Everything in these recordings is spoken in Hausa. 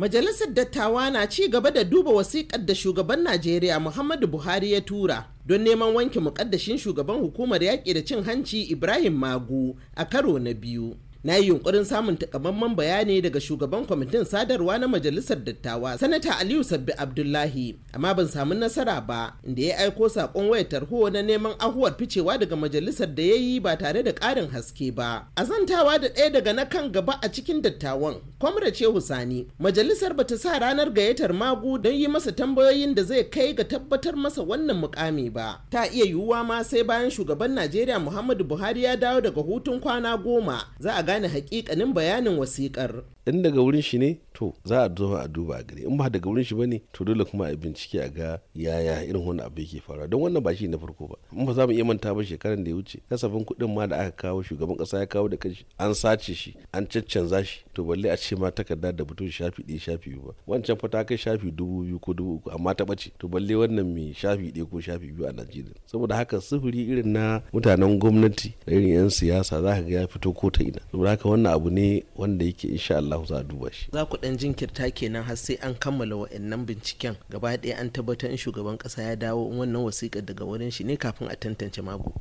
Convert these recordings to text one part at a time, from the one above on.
Majalisar Dattawa na ci gaba da duba wasiƙar da shugaban Najeriya Muhammadu Buhari ya tura don neman wanke muƙaddashin shugaban hukumar yaƙi da cin hanci Ibrahim Magu a karo na biyu. na yi yunkurin samun takamaiman bayani daga shugaban kwamitin sadarwa na majalisar dattawa sanata aliyu sabbi abdullahi amma ban samu nasara ba inda ya aiko sakon wayar tarho na neman ahuwar ficewa daga majalisar da ya yi ba tare da karin haske ba a zantawa da ɗaya daga na kan gaba a cikin dattawan kwamra ce husani majalisar bata sa ranar gayyatar magu don yi masa tambayoyin da zai kai ga tabbatar masa wannan mukami ba ta iya yiwuwa ma sai bayan shugaban najeriya muhammadu buhari ya dawo daga hutun kwana goma za a gane hakikanin bayanin wasiƙar in daga wurin shi ne to za a zo a duba a gari in ba daga wurin shi bane to dole kuma a bincike a ga yaya irin wani abu yake faruwa don wannan ba shi na farko ba in ba za mu iya manta ba shekaran da ya wuce kasafin kuɗin ma da aka kawo shugaban ƙasa ya kawo da kanshi an sace shi an caccanza shi to balle a ce ma takarda da fito shafi ɗaya shafi biyu ba wancan fa ta kai shafi dubu biyu ko dubu uku amma ta ɓace to balle wannan mai shafi ɗaya ko shafi biyu a Najeriya saboda haka sufuri irin na mutanen gwamnati da irin 'yan siyasa za ka ga ya fito ko ta ina saboda haka wannan abu ne wanda yake insha Allah za a duba shi za ku ɗan jinkirta kenan har sai an kammala wa'annan binciken gaba ɗaya an tabbatar in shugaban ƙasa ya dawo wannan wasiƙar daga wurin shi ne kafin a tantance mago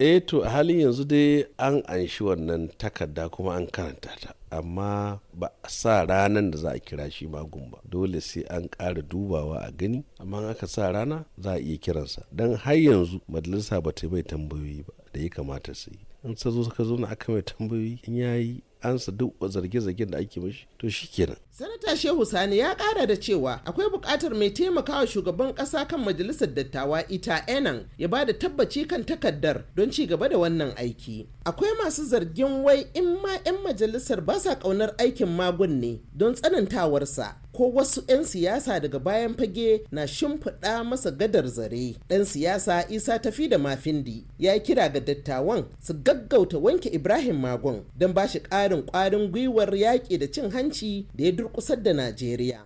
eh to a halin yanzu dai an anshi wannan takarda kuma an karanta ta amma ba a sa ranar da za a kira shi magun ba dole sai an ƙara dubawa a gani amma aka sa rana za a iya kiransa don har yanzu majalisa ba ta bai tambayoyi ba da ya kamata su yi in sa zo suka zo na aka mai tambayoyi in ya yi ansa duk zarge-zargen da ake mashi to shi kenan. sanata shehu sani ya kara da cewa akwai bukatar mai taimakawa shugaban kasa kan majalisar dattawa ita enan ya ba da tabbaci kan takardar don ci gaba da wannan aiki akwai masu zargin wai in ma 'yan majalisar ba sa kaunar aikin magun ne don tsanantawarsa ko wasu 'yan siyasa daga bayan fage na shimfiɗa masa gadar zare ɗan siyasa isa tafi da mafindi ya kira ga dattawan su gaggauta wanke ibrahim magon don ba shi ƙarin ƙwarin gwiwar yaƙi da cin hanci da ya durƙusar da najeriya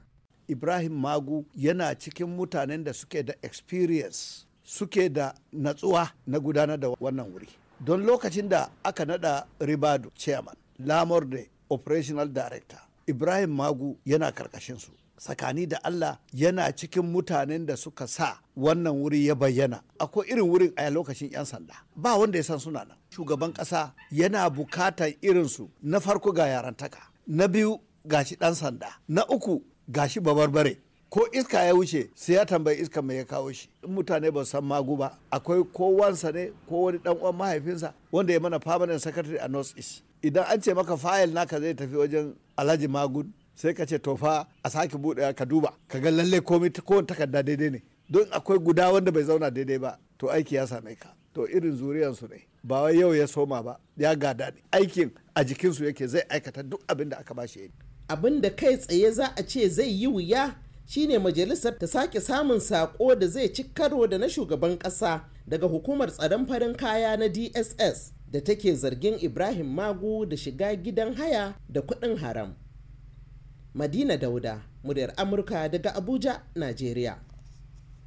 ibrahim magu yana cikin mutanen da suke da experience suke da natsuwa na gudanar da wannan wuri don lokacin da aka nada ribadu chairman lamorde operational director ibrahim magu yana karkashinsu tsakani da allah yana cikin mutanen da suka sa wannan wuri ya bayyana akwai irin wurin a lokacin 'yan sanda ba wanda ya san suna nan shugaban ƙasa yana bukatar irinsu na farko ga yarantaka na biyu ga shi ɗan sanda na uku gashi babarbare ko iska ya wuce sai ya tambayi iska mai ya kawo shi in mutane ba san magu ba akwai kowansa ne ko wani dan uwan mahaifinsa wanda ya mana permanent secretary a north east idan an ce maka fayil naka zai tafi wajen alhaji magun sai ka ce tofa a sake buɗe ka duba ka ga lalle komai kowanne takarda daidai ne don akwai guda wanda bai zauna daidai ba to aiki ya same ka to irin zuriyan su ne ba wai yau ya soma ba ya gada ne aikin a jikinsu yake zai aikata duk abin da aka bashi abin da kai tsaye za a ce zai yi wuya shine majalisar ta sake samun sako da zai ci karo da na shugaban kasa daga hukumar tsaron farin kaya na dss da take zargin ibrahim magu da shiga gidan haya da kudin haram madina dauda muryar amurka daga abuja najeriya